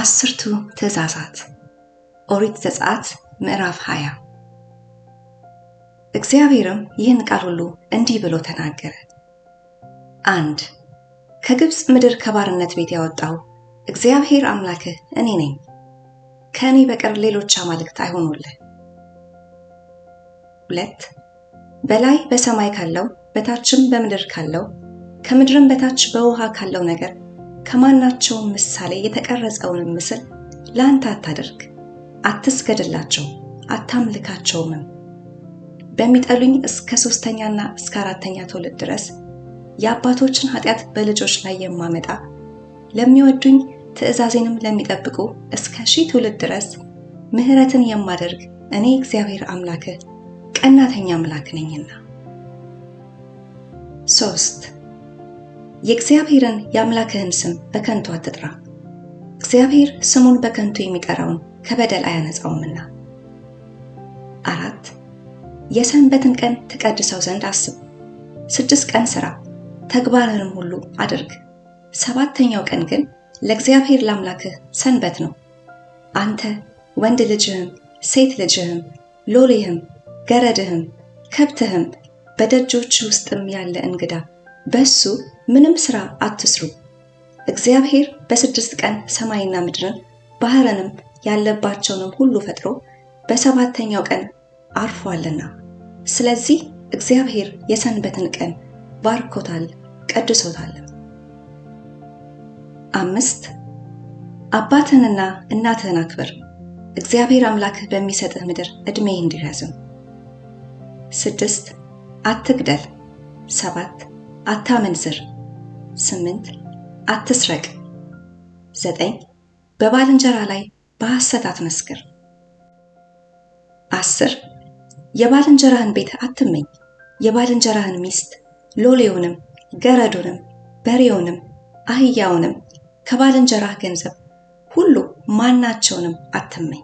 አስርቱ ትእዛዛት ኦሪት ዘጸአት ምዕራፍ 20 እግዚአብሔርም ይህን ቃል ሁሉ እንዲህ ብሎ ተናገረ። አንድ ከግብፅ ምድር ከባርነት ቤት ያወጣው እግዚአብሔር አምላክህ እኔ ነኝ። ከእኔ በቀር ሌሎች አማልክት አይሆኑልህ። ሁለት በላይ በሰማይ ካለው በታችም በምድር ካለው ከምድርም በታች በውሃ ካለው ነገር ከማናቸውም ምሳሌ የተቀረጸውን ምስል ለአንተ አታደርግ፣ አትስገድላቸው፣ አታምልካቸውምም። በሚጠሉኝ እስከ ሶስተኛና እስከ አራተኛ ትውልድ ድረስ የአባቶችን ኃጢአት በልጆች ላይ የማመጣ ለሚወዱኝ ትእዛዜንም ለሚጠብቁ እስከ ሺህ ትውልድ ድረስ ምሕረትን የማደርግ እኔ እግዚአብሔር አምላክህ ቀናተኛ አምላክ ነኝና። ሶስት የእግዚአብሔርን የአምላክህን ስም በከንቱ አትጥራ፣ እግዚአብሔር ስሙን በከንቱ የሚጠራውን ከበደል አያነጻውምና። አራት የሰንበትን ቀን ትቀድሰው ዘንድ አስብ። ስድስት ቀን ሥራ ተግባርንም ሁሉ አድርግ። ሰባተኛው ቀን ግን ለእግዚአብሔር ለአምላክህ ሰንበት ነው። አንተ ወንድ ልጅህም፣ ሴት ልጅህም፣ ሎሌህም፣ ገረድህም፣ ከብትህም፣ በደጆች ውስጥም ያለ እንግዳ በሱ ምንም ስራ አትስሩ። እግዚአብሔር በስድስት ቀን ሰማይና ምድርን ባህርንም ያለባቸውንም ሁሉ ፈጥሮ በሰባተኛው ቀን አርፏልና፣ ስለዚህ እግዚአብሔር የሰንበትን ቀን ባርኮታል ቀድሶታል። አምስት አባትህንና እናትህን አክብር፣ እግዚአብሔር አምላክህ በሚሰጥህ ምድር ዕድሜ እንዲረዝም። ስድስት አትግደል። ሰባት አታመንዝር። ስምንት አትስረቅ። ዘጠኝ በባልንጀራ ላይ በሐሰት አትመስክር። አስር የባልንጀራህን ቤት አትመኝ። የባልንጀራህን ሚስት ሎሌውንም፣ ገረዱንም፣ በሬውንም፣ አህያውንም ከባልንጀራህ ገንዘብ ሁሉ ማናቸውንም አትመኝ።